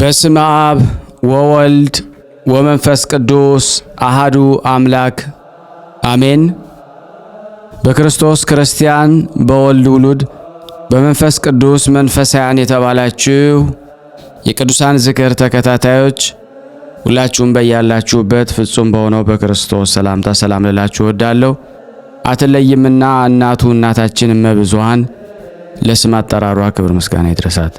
በስመ አብ ወወልድ ወመንፈስ ቅዱስ አሃዱ አምላክ አሜን። በክርስቶስ ክርስቲያን በወልድ ውሉድ በመንፈስ ቅዱስ መንፈሳያን የተባላችሁ የቅዱሳን ዝክር ተከታታዮች ሁላችሁም በያላችሁበት ፍጹም በሆነው በክርስቶስ ሰላምታ ሰላም ልላችሁ እወዳለሁ። አትለይምና እናቱ እናታችን እመብዙኃን ለስም አጠራሯ ክብር ምስጋና ይድረሳት።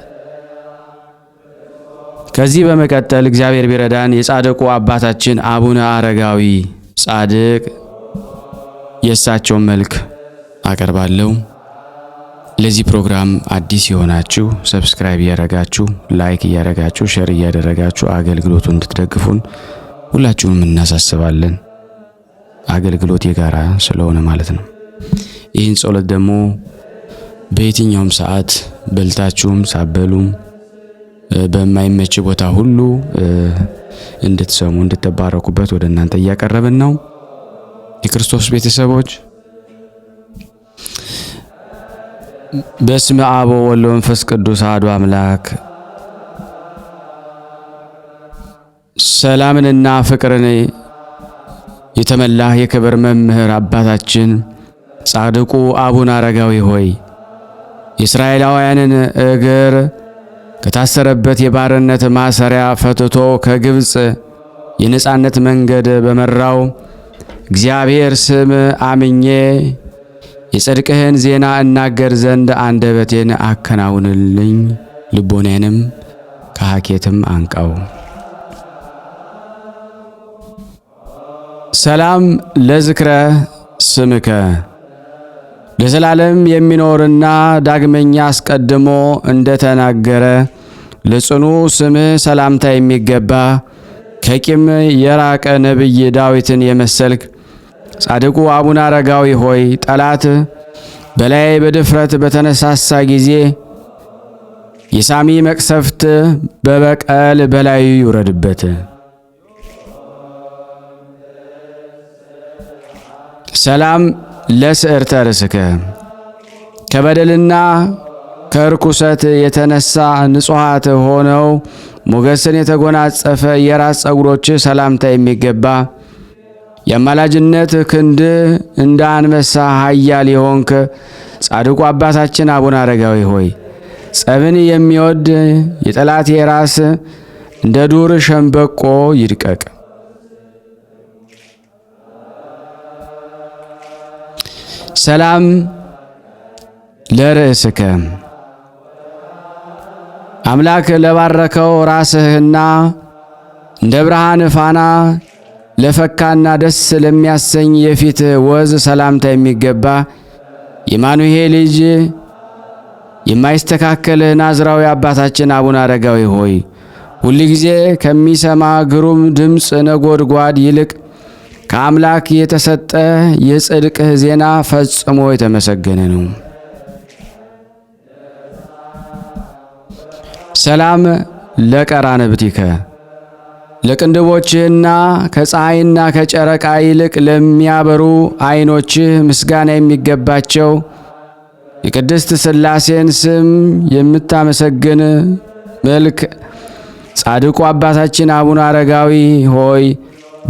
ከዚህ በመቀጠል እግዚአብሔር ቢረዳን የጻድቁ አባታችን አቡነ አረጋዊ ጻድቅ የእሳቸውን መልክ አቀርባለሁ። ለዚህ ፕሮግራም አዲስ የሆናችሁ ሰብስክራይብ እያደረጋችሁ ላይክ እያደረጋችሁ ሼር እያደረጋችሁ አገልግሎቱ እንድትደግፉን ሁላችሁንም እናሳስባለን። አገልግሎት የጋራ ስለሆነ ማለት ነው። ይህን ጸሎት ደግሞ በየትኛውም ሰዓት በልታችሁም ሳበሉም በማይመች ቦታ ሁሉ እንድትሰሙ እንድትባረኩበት ወደ እናንተ እያቀረብን ነው። የክርስቶስ ቤተሰቦች በስመ አብ ወወልድ ወመንፈስ ቅዱስ አሐዱ አምላክ ሰላምንና ፍቅርን የተመላህ የክብር መምህር አባታችን ጻድቁ አቡነ አረጋዊ ሆይ የእስራኤላውያንን እግር ከታሰረበት የባርነት ማሰሪያ ፈትቶ ከግብፅ የነፃነት መንገድ በመራው እግዚአብሔር ስም አምኜ የጽድቅህን ዜና እናገር ዘንድ አንደበቴን አከናውንልኝ፣ ልቦኔንም ከሐኬትም አንቀው። ሰላም ለዝክረ ስምከ ለዘላለም የሚኖርና ዳግመኛ አስቀድሞ እንደተናገረ ለጽኑ ስምህ ሰላምታ የሚገባ ከቂም የራቀ ነቢይ ዳዊትን የመሰልክ ጻድቁ አቡነ አረጋዊ ሆይ ጠላት በላይ በድፍረት በተነሳሳ ጊዜ የሳሚ መቅሰፍት በበቀል በላዩ ይውረድበት። ሰላም ለስዕርተ ርስከ ከበደልና ከርኩሰት የተነሳ ንጹሐት ሆነው ሞገስን የተጎናጸፈ የራስ ጸጉሮች ሰላምታ የሚገባ የአማላጅነት ክንድ እንደ አንበሳ ኃያል የሆንክ ጻድቁ አባታችን አቡነ አረጋዊ ሆይ ጸብን የሚወድ የጠላት የራስ እንደ ዱር ሸምበቆ ይድቀቅ። ሰላም ለርእስከ አምላክ ለባረከው ራስህና እንደ ብርሃን ፋና ለፈካና ደስ ለሚያሰኝ የፊት ወዝ ሰላምታ የሚገባ የማኑሄ ልጅ የማይስተካከል ናዝራዊ አባታችን አቡነ አረጋዊ ሆይ ሁልጊዜ ከሚሰማ ግሩም ድምፅ ነጎድጓድ ይልቅ ከአምላክ የተሰጠ የጽድቅህ ዜና ፈጽሞ የተመሰገነ ነው። ሰላም ለቀራንብቲከ ለቅንድቦችህና ከፀሐይና ከጨረቃ ይልቅ ለሚያበሩ ዐይኖችህ ምስጋና የሚገባቸው የቅድስት ሥላሴን ስም የምታመሰግን መልክ ጻድቁ አባታችን አቡነ አረጋዊ ሆይ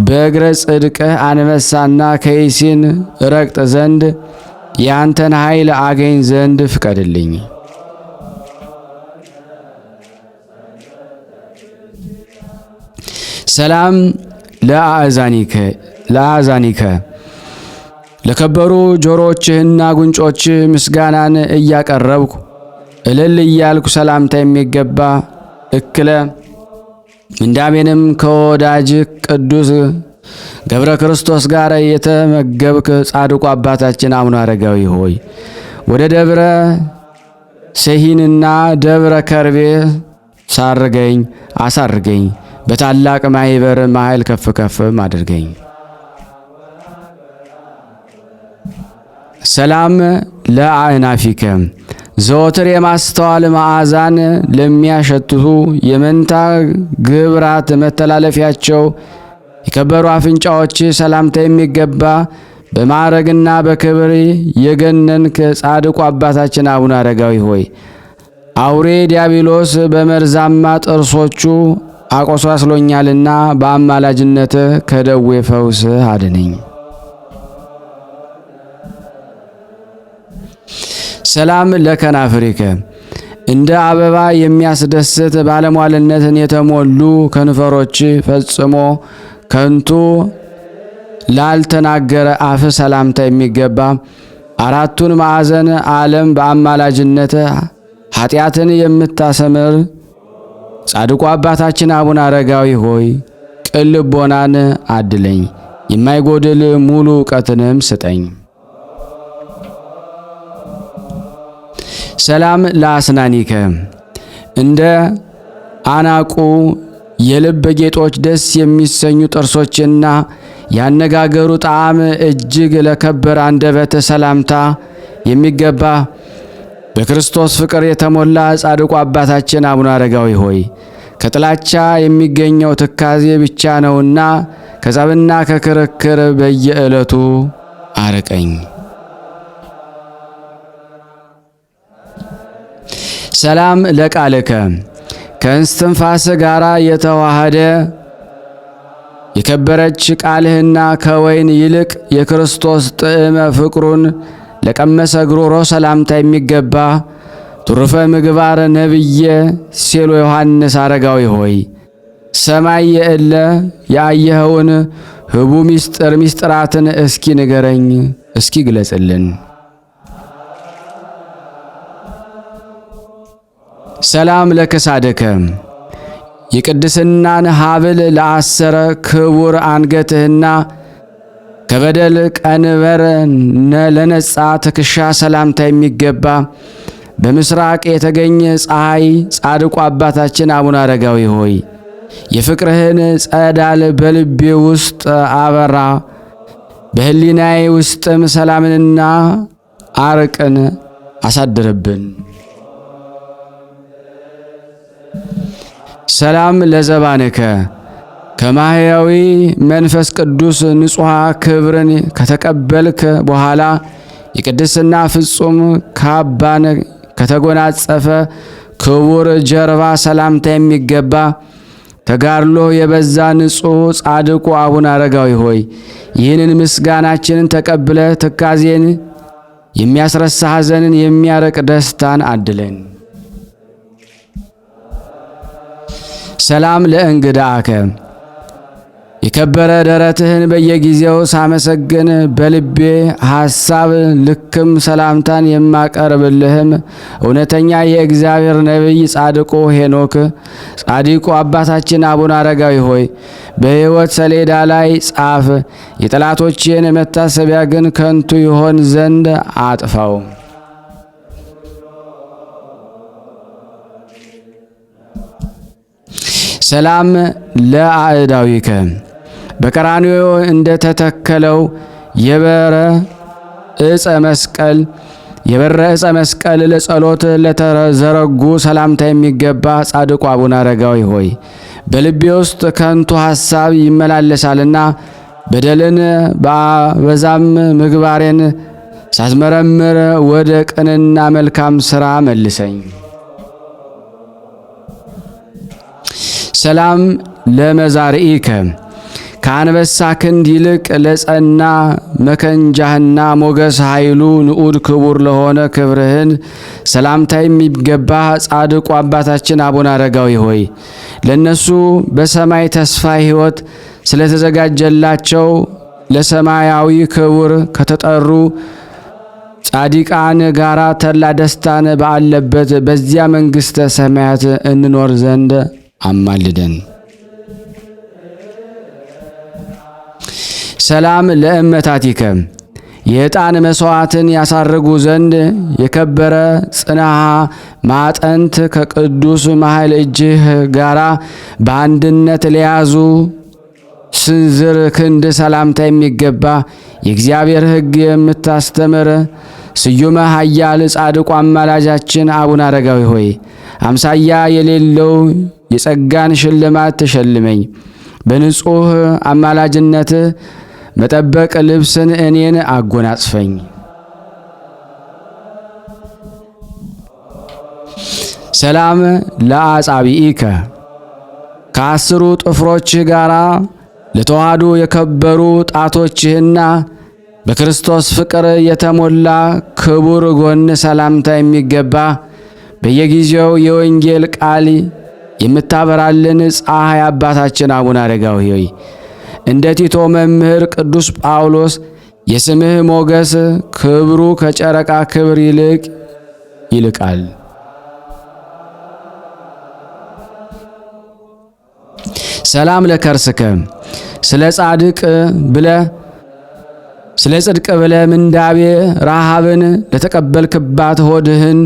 በእግረ ጽድቅህ አንበሳና ከይሲን ረግጥ ዘንድ ያንተን ኃይል አገኝ ዘንድ ፍቀድልኝ። ሰላም ለአእዛኒከ ለአእዛኒከ ለከበሩ ጆሮዎችህና ጉንጮችህ ምስጋናን እያቀረብኩ እልል እያልኩ ሰላምታ የሚገባ እክለ እንዳሜንም ከወዳጅ ቅዱስ ገብረ ክርስቶስ ጋር የተመገብክ ጻድቁ አባታችን አቡነ አረጋዊ ሆይ ወደ ደብረ ሰሂንና ደብረ ከርቤ ሳርገኝ አሳርገኝ፣ በታላቅ ማህበር ማይል ከፍ ከፍም አድርገኝ። ሰላም ለአእናፊከ ዘወትር የማስተዋል መዓዛን ለሚያሸትቱ የመንታ ግብራት መተላለፊያቸው የከበሩ አፍንጫዎች ሰላምታ የሚገባ በማዕረግና በክብር የገነንክ ጻድቁ አባታችን አቡነ አረጋዊ ሆይ አውሬ ዲያብሎስ በመርዛማ ጥርሶቹ አቆስሏስሎኛልና በአማላጅነት ከደዌ ፈውስ አድነኝ። ሰላም ለከናፍሪከ እንደ አበባ የሚያስደስት ባለሟልነትን የተሞሉ ከንፈሮች ፈጽሞ ከንቱ ላልተናገረ አፍ ሰላምታ የሚገባ አራቱን ማዕዘን ዓለም በአማላጅነት ኃጢአትን የምታሰምር ጻድቁ አባታችን አቡነ አረጋዊ ሆይ ቅልቦናን አድለኝ፣ የማይጎድል ሙሉ እውቀትንም ስጠኝ። ሰላም ለአስናኒከ እንደ አናቁ የልብ ጌጦች ደስ የሚሰኙ ጥርሶችና ያነጋገሩ ጣዕም እጅግ ለከበረ አንደበት ሰላምታ የሚገባ በክርስቶስ ፍቅር የተሞላ ጻድቁ አባታችን አቡነ አረጋዊ ሆይ ከጥላቻ የሚገኘው ትካዜ ብቻ ነውና ከጸብና ከክርክር በየዕለቱ አርቀኝ። ሰላም ለቃልከ ከእንስትንፋስ ጋር የተዋሃደ የከበረች ቃልህና ከወይን ይልቅ የክርስቶስ ጥዕመ ፍቅሩን ለቀመሰ ግሮሮ ሰላምታ የሚገባ ትሩፈ ምግባር ነብየ ሴሎ ዮሐንስ አረጋዊ ሆይ ሰማይ የእለ ያየኸውን ህቡ ምስጢር ምስጢራትን እስኪ ንገረኝ፣ እስኪ ግለጽልን። ሰላም ለከሳደከ የቅድስናን ሀብል ለአሰረ ክቡር አንገትህና ከበደል ቀንበር ለነጻ ትከሻ ሰላምታ የሚገባ በምስራቅ የተገኘ ፀሐይ ጻድቁ አባታችን አቡነ አረጋዊ ሆይ የፍቅርህን ጸዳል በልቤ ውስጥ አበራ፣ በህሊናዬ ውስጥም ሰላምንና አርቅን አሳድርብን። ሰላም ለዘባንከ ከማህያዊ መንፈስ ቅዱስ ንጹሃ ክብርን ከተቀበልክ በኋላ የቅድስና ፍጹም ካባን ከተጎናጸፈ ክቡር ጀርባ ሰላምታ የሚገባ ተጋድሎ የበዛ ንጹሕ ጻድቁ አቡነ አረጋዊ ሆይ ይህንን ምስጋናችንን ተቀብለ ትካዜን የሚያስረሳ ሐዘንን የሚያረቅ ደስታን አድለን። ሰላም ለእንግዳከ የከበረ ደረትህን በየጊዜው ሳመሰግን በልቤ ሐሳብ ልክም ሰላምታን የማቀርብልህም እውነተኛ የእግዚአብሔር ነቢይ ጻድቁ ሄኖክ ጻድቁ አባታችን አቡነ አረጋዊ ሆይ በሕይወት ሰሌዳ ላይ ጻፍ፣ የጠላቶችን መታሰቢያ ግን ከንቱ ይሆን ዘንድ አጥፋው። ሰላም ለአእዳዊከ በቀራንዮ እንደ ተተከለው የበረ እፀ መስቀል የበረ እፀ መስቀል ለጸሎት ለተዘረጉ ሰላምታ የሚገባ ጻድቁ አቡነ አረጋዊ ሆይ በልቤ ውስጥ ከንቱ ሐሳብ ይመላለሳልና በደልን በአበዛም ምግባሬን ሳዝመረምር ወደ ቅንና መልካም ሥራ መልሰኝ። ሰላም ለመዛርኢከ ከአንበሳ ክንድ ይልቅ ለጸና መከንጃህና ሞገስ ኃይሉ ንዑድ ክቡር ለሆነ ክብርህን ሰላምታ የሚገባ ጻድቁ አባታችን አቡነ አረጋዊ ሆይ ለእነሱ በሰማይ ተስፋ ሕይወት ስለተዘጋጀላቸው ለሰማያዊ ክቡር ከተጠሩ ጻዲቃን ጋራ ተላ ደስታን ባለበት በዚያ መንግሥተ ሰማያት እንኖር ዘንድ አማልደን። ሰላም ለእመታቲከ የዕጣን መሥዋዕትን ያሳርጉ ዘንድ የከበረ ጽንሃ ማጠንት ከቅዱስ መሐል እጅህ ጋራ በአንድነት ለያዙ ስንዝር ክንድ ሰላምታ የሚገባ የእግዚአብሔር ሕግ የምታስተምር ስዩመ ኃያል ጻድቁ አማላጃችን አቡነ አረጋዊ ሆይ አምሳያ የሌለው የጸጋን ሽልማት ተሸልመኝ። በንጹሕ አማላጅነትህ መጠበቅ ልብስን እኔን አጎናጽፈኝ። ሰላም ለአጻብኢከ ከአስሩ ጥፍሮችህ ጋር ለተዋሃዱ የከበሩ ጣቶችህና በክርስቶስ ፍቅር የተሞላ ክቡር ጎን ሰላምታ የሚገባ በየጊዜው የወንጌል ቃል የምታበራልን ፀሐይ አባታችን አቡነ አረጋዊ ሆይ እንደ ቲቶ መምህር ቅዱስ ጳውሎስ የስምህ ሞገስ ክብሩ ከጨረቃ ክብር ይልቅ ይልቃል። ሰላም ለከርስከ ስለ ጻድቅ ብለ ስለ ጽድቅ ብለ ምንዳቤ ረሃብን ለተቀበልክባት ሆድህን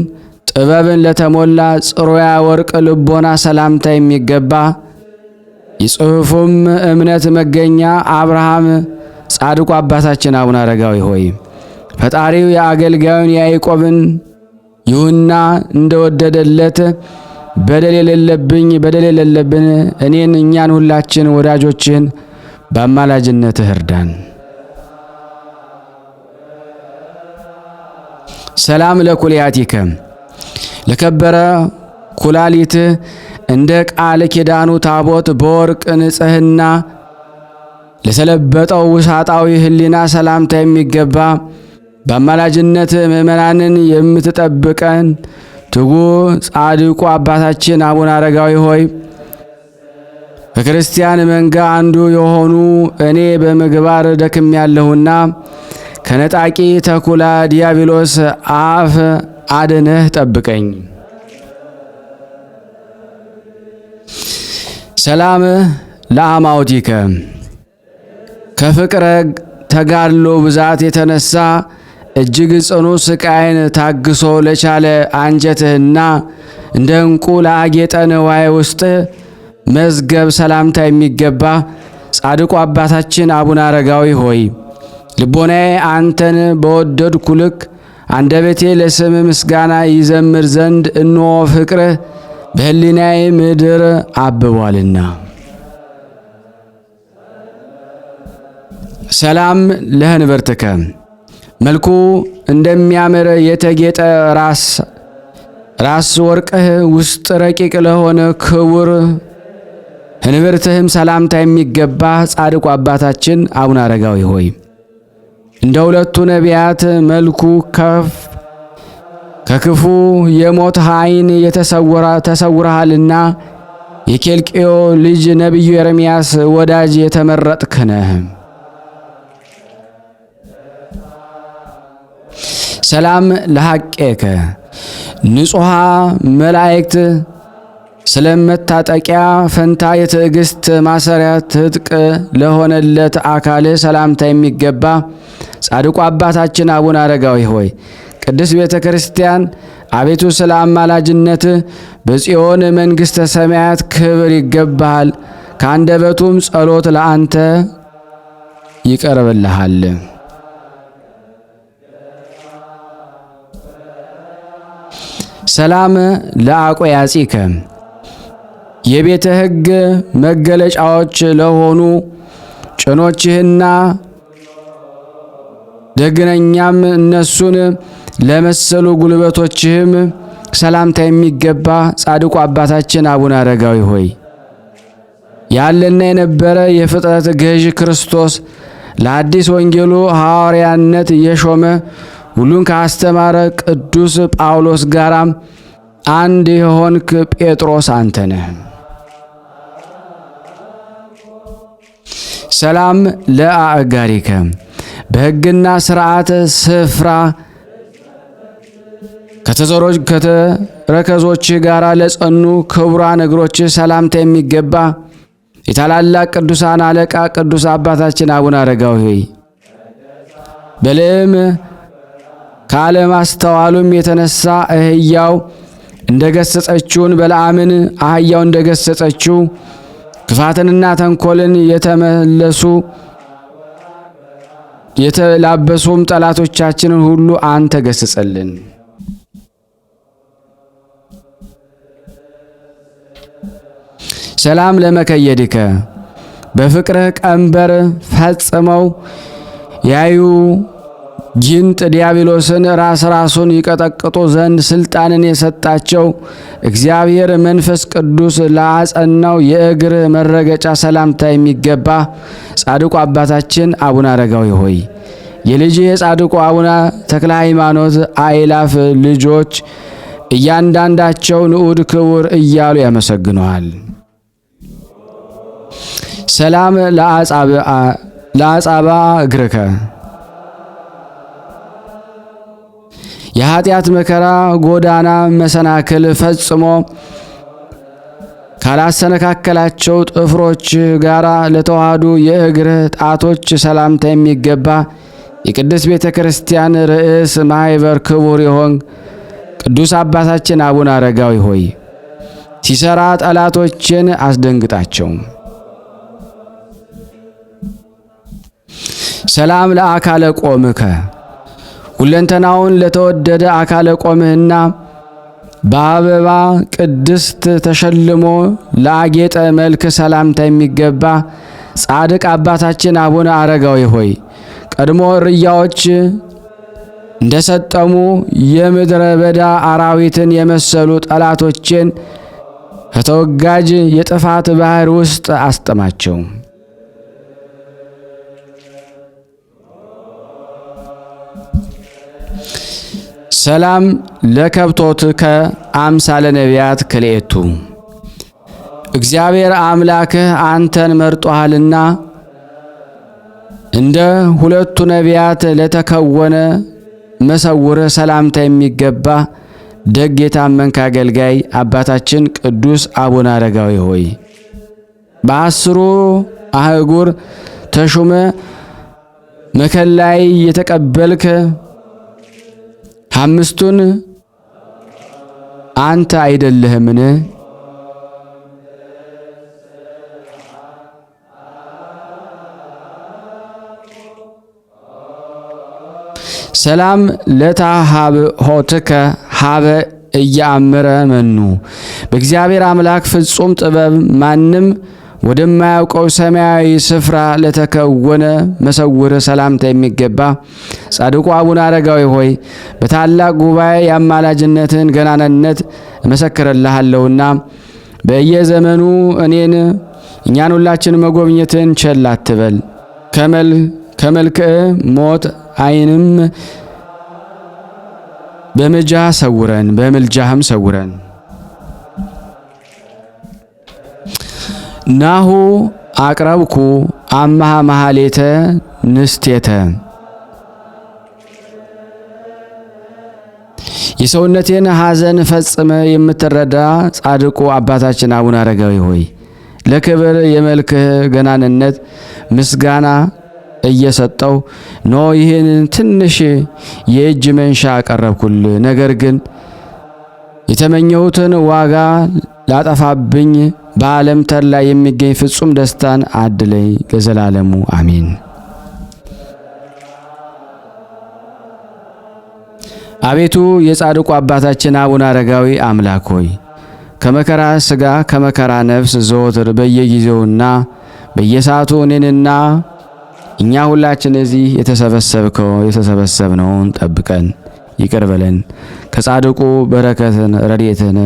ጥበብን ለተሞላ ጽሩያ ወርቅ ልቦና ሰላምታ የሚገባ የጽሑፉም እምነት መገኛ አብርሃም ጻድቁ አባታችን አቡነ አረጋዊ ሆይ ፈጣሪው የአገልጋዩን የያዕቆብን ይሁና እንደወደደለት በደል የሌለብኝ በደል የሌለብን እኔን እኛን ሁላችን ወዳጆችን በአማላጅነትህ እርዳን። ሰላም ለኩልያቲከ ለከበረ ኩላሊት እንደ ቃል ኪዳኑ ታቦት በወርቅ ንጽህና ለሰለበጠው ውሳጣዊ ሕሊና ሰላምታ የሚገባ በአማላጅነት ምእመናንን የምትጠብቀን ትጉ ጻድቁ አባታችን አቡነ አረጋዊ ሆይ ከክርስቲያን መንጋ አንዱ የሆኑ እኔ በምግባር ደክም ያለሁና ከነጣቂ ተኩላ ዲያብሎስ አፍ አድነህ ጠብቀኝ። ሰላም ለአማውቲከ ከፍቅረ ተጋድሎ ብዛት የተነሳ እጅግ ጽኑ ስቃይን ታግሶ ለቻለ አንጀትህና እንደ እንቁ ለአጌጠ ንዋይ ውስጥ መዝገብ ሰላምታ የሚገባ ጻድቁ አባታችን አቡነ አረጋዊ ሆይ ልቦናዬ አንተን በወደድኩ ልክ አንደበቴ ለስም ምስጋና ይዘምር ዘንድ እንሆ ፍቅርህ በሕሊናዬ ምድር አብቧልና። ሰላም ለህንብርትከ መልኩ እንደሚያምር የተጌጠ ራስ ራስ ወርቅህ ውስጥ ረቂቅ ለሆነ ክቡር ህንብርትህም ሰላምታ የሚገባ ጻድቁ አባታችን አቡነ አረጋዊ ሆይ እንደ ሁለቱ ነቢያት መልኩ ከፍ ከክፉ የሞት ኃይን ተሰውረሃልና የኬልቅዮ ልጅ ነቢዩ ኤርምያስ ወዳጅ የተመረጥክ ነህ። ሰላም ለሐቄከ ንጹሓ መላእክት ስለመታጠቂያ ፈንታ የትዕግስት ማሰሪያ ትጥቅ ለሆነለት አካል ሰላምታ የሚገባ ጻድቁ አባታችን አቡነ አረጋዊ ሆይ ቅድስት ቤተ ክርስቲያን አቤቱ ስለ አማላጅነት በጽዮን መንግሥተ ሰማያት ክብር ይገባሃል። ከአንደበቱም ጸሎት ለአንተ ይቀርብልሃል። ሰላም ለአቆያጺከ የቤተ ሕግ መገለጫዎች ለሆኑ ጭኖችህና ደግነኛም እነሱን ለመሰሉ ጉልበቶችህም ሰላምታ የሚገባ ጻድቁ አባታችን አቡነ አረጋዊ ሆይ ያለና የነበረ የፍጥረት ገዥ ክርስቶስ ለአዲስ ወንጌሉ ሐዋርያነት እየሾመ ሁሉን ካስተማረ ቅዱስ ጳውሎስ ጋራም አንድ የሆንክ ጴጥሮስ አንተ ነህ። ሰላም ለአእጋሪከ በሕግና ስርዓት ስፍራ ከተረከዞች ጋር ለጸኑ ክቡራን እግሮች ሰላምታ የሚገባ የታላላቅ ቅዱሳን አለቃ ቅዱስ አባታችን አቡነ አረጋዊ ሆይ በልዕም ካለማስተዋሉም የተነሳ እህያው እንደ ገሰጸችውን በለዓምን አህያው እንደ ገሰጸችው ክፋትንና ተንኮልን የተመለሱ የተላበሱም ጠላቶቻችንን ሁሉ አንተ ገስጸልን። ሰላም ለመከየድከ በፍቅርህ ቀንበር ፈጽመው ያዩ ጊንጥ ዲያብሎስን ራስ ራሱን ይቀጠቅጡ ዘንድ ስልጣንን የሰጣቸው እግዚአብሔር መንፈስ ቅዱስ ለአጸናው የእግር መረገጫ ሰላምታ የሚገባ ጻድቁ አባታችን አቡነ አረጋዊ ሆይ የልጅ የጻድቁ አቡነ ተክለ ሃይማኖት አይላፍ ልጆች እያንዳንዳቸው ንዑድ ክቡር እያሉ ያመሰግነዋል። ሰላም ለአጻባ እግርከ የኃጢአት መከራ ጎዳና መሰናክል ፈጽሞ ካላሰነካከላቸው ጥፍሮች ጋር ለተዋሃዱ የእግርህ ጣቶች ሰላምታ የሚገባ የቅድስት ቤተ ክርስቲያን ርዕስ ማይበር ክቡር የሆን ቅዱስ አባታችን አቡነ አረጋዊ ሆይ ሲሰራ ጠላቶችን አስደንግጣቸው። ሰላም ለአካለ ቆምከ ሁለንተናውን ለተወደደ አካለ ቆምህና በአበባ ቅድስት ተሸልሞ ለአጌጠ መልክ ሰላምታ የሚገባ ጻድቅ አባታችን አቡነ አረጋዊ ሆይ ቀድሞ እርያዎች እንደሰጠሙ የምድረ በዳ አራዊትን የመሰሉ ጠላቶችን ከተወጋጅ የጥፋት ባህር ውስጥ አስጥማቸው። ሰላም ለከብቶትከ አምሳለ ነቢያት ክልኤቱ እግዚአብሔር አምላክህ አንተን መርጦሃልና እንደ ሁለቱ ነቢያት ለተከወነ መሰውርህ ሰላምታ የሚገባ ደግ የታመንክ አገልጋይ አባታችን ቅዱስ አቡነ አረጋዊ ሆይ በአስሩ አህጉር ተሹመ መከላይ የተቀበልክ አምስቱን አንተ አይደለህምን? ሰላም ለታ ሆትከ ሀበ እያምረ መኑ በእግዚአብሔር አምላክ ፍጹም ጥበብ ማንም ወደማያውቀው ሰማያዊ ስፍራ ለተከወነ መሰውር ሰላምታ የሚገባ ጻድቁ አቡነ አረጋዊ ሆይ በታላቅ ጉባኤ የአማላጅነትን ገናነነት እመሰክርልሃለሁና በየዘመኑ እኔን እኛን ሁላችን መጎብኘትን ቸል አትበል። ከመልክዕ ሞት ዓይንም በምጃ ሰውረን፣ በምልጃህም ሰውረን። ናሁ አቅረብኩ አመሃ መሃሌተ ንስቴተ የሰውነቴን ሐዘን ፈጽመ የምትረዳ ጻድቁ አባታችን አቡነ አረጋዊ ሆይ ለክብር የመልክህ ገናንነት ምስጋና እየሰጠው ኖ ይህን ትንሽ የእጅ መንሻ አቀረብኩል። ነገር ግን የተመኘሁትን ዋጋ ላጠፋብኝ በዓለም ተድላ የሚገኝ ፍጹም ደስታን አድለኝ ለዘላለሙ አሜን። አቤቱ የጻድቁ አባታችን አቡነ አረጋዊ አምላክ ሆይ ከመከራ ሥጋ ከመከራ ነፍስ ዘወትር በየጊዜውና በየሰዓቱ እኔንና እኛ ሁላችን እዚህ የተሰበሰብከው የተሰበሰብነውን ጠብቀን ይቅር በለን ከጻድቁ በረከትን ረድኤትን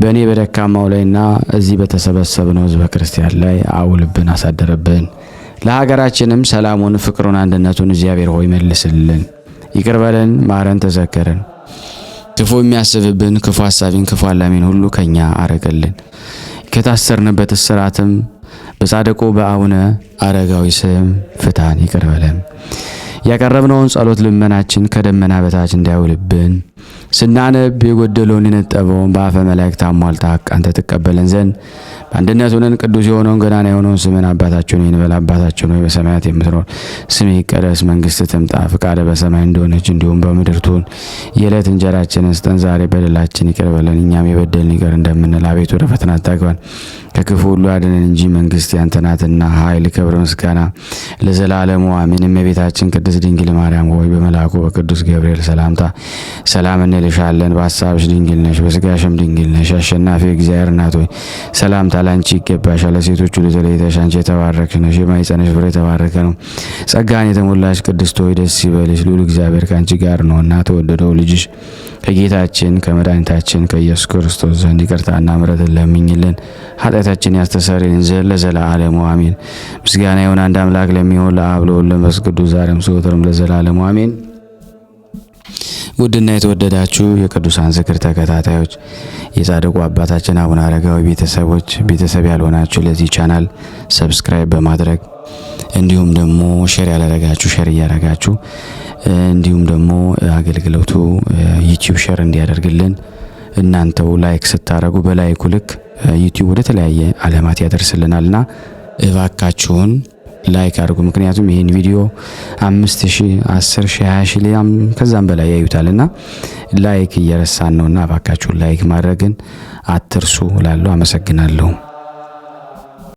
በእኔ በደካማው ላይና እዚህ በተሰበሰብነው ህዝበ ክርስቲያን ላይ አውልብን አሳደረብን። ለሀገራችንም ሰላሙን፣ ፍቅሩን፣ አንድነቱን እግዚአብሔር ሆይ መልስልን፣ ይቅር በለን፣ ማረን፣ ተዘከረን። ክፉ የሚያስብብን ክፉ ሀሳቢን ክፉ አላሚን ሁሉ ከኛ አረቀልን። ከታሰርንበት እስራትም በጻድቁ በአቡነ አረጋዊ ስም ፍታን፣ ይቅር በለን። ያቀረብነውን ጸሎት ልመናችን ከደመና በታች እንዳይውልብን ስናነብ የጎደለውን የነጠበውን በአፈ መላእክት አሟልታ አንተ ትቀበለን ዘንድ በአንድነት ሆነን ቅዱስ የሆነውን ገናና የሆነውን ስምን አባታችን ይንበል። እንበል። አባታችን ሆይ በሰማያት የምትኖር ስምህ ይቀደስ፣ መንግሥትህ ትምጣ፣ ፍቃደ በሰማይ እንደሆነች እንዲሁም በምድር ትሁን። የዕለት እንጀራችንን ስጠን ዛሬ፣ በደላችን ይቅር በለን እኛም የበደልን ይቅር እንደምንል፣ አቤቱ ወደ ፈተና አታግባን ከክፉ ሁሉ አድነን እንጂ መንግስት ያንተ ናትና ኃይል፣ ክብር፣ ምስጋና ለዘላለሙ አሜን። እመቤታችን ቅድስት ድንግል ማርያም ሆይ በመልአኩ በቅዱስ ገብርኤል ሰላምታ ሰላም እንልሻለን። በሀሳብሽ ድንግል ነሽ፣ በስጋሽም ድንግል ነሽ። አሸናፊ እግዚአብሔር እናት ሆይ ሰላምታ ላንቺ ይገባሻል። ለሴቶች ሁሉ ተለይተሽ አንቺ የተባረክሽ ነሽ፣ የማኅፀንሽ ፍሬ የተባረከ ነው። ጸጋን የተሞላሽ ቅድስት ሆይ ደስ ይበልሽ፣ ልዑል እግዚአብሔር ከአንቺ ጋር ነውና ተወደደው ልጅሽ ከጌታችን ከመድኃኒታችን ከኢየሱስ ክርስቶስ ዘንድ ይቅርታና ምሕረትን ለምኝልን ኃጢአታችን ያስተሰርይልን ዘንድ ለዘላለሙ አሜን። ምስጋና ይሁን አንድ አምላክ ለሚሆን ለአብ ለወልድ ለመንፈስ ቅዱስ ዛሬም ዘወትርም ለዘላለሙ አሜን። ውድና የተወደዳችሁ የቅዱሳን ዝክር ተከታታዮች፣ የጻድቁ አባታችን አቡነ አረጋዊ ቤተሰቦች፣ ቤተሰብ ያልሆናችሁ ለዚህ ቻናል ሰብስክራይብ በማድረግ እንዲሁም ደግሞ ሼር ያላረጋችሁ ሼር እያረጋችሁ እንዲሁም ደግሞ አገልግሎቱ ዩቲዩብ ሸር እንዲያደርግልን እናንተው ላይክ ስታደረጉ በላይኩ ልክ ዩቲዩብ ወደ ተለያየ አለማት ያደርስልናልና እባካችሁን ላይክ አድርጉ። ምክንያቱም ይህን ቪዲዮ አምስት ሺ አስር ሺ ሀያ ሺ ከዛም በላይ ያዩታልና ላይክ እየረሳን ነውና እባካችሁን ላይክ ማድረግን አትርሱ እላለሁ። አመሰግናለሁ።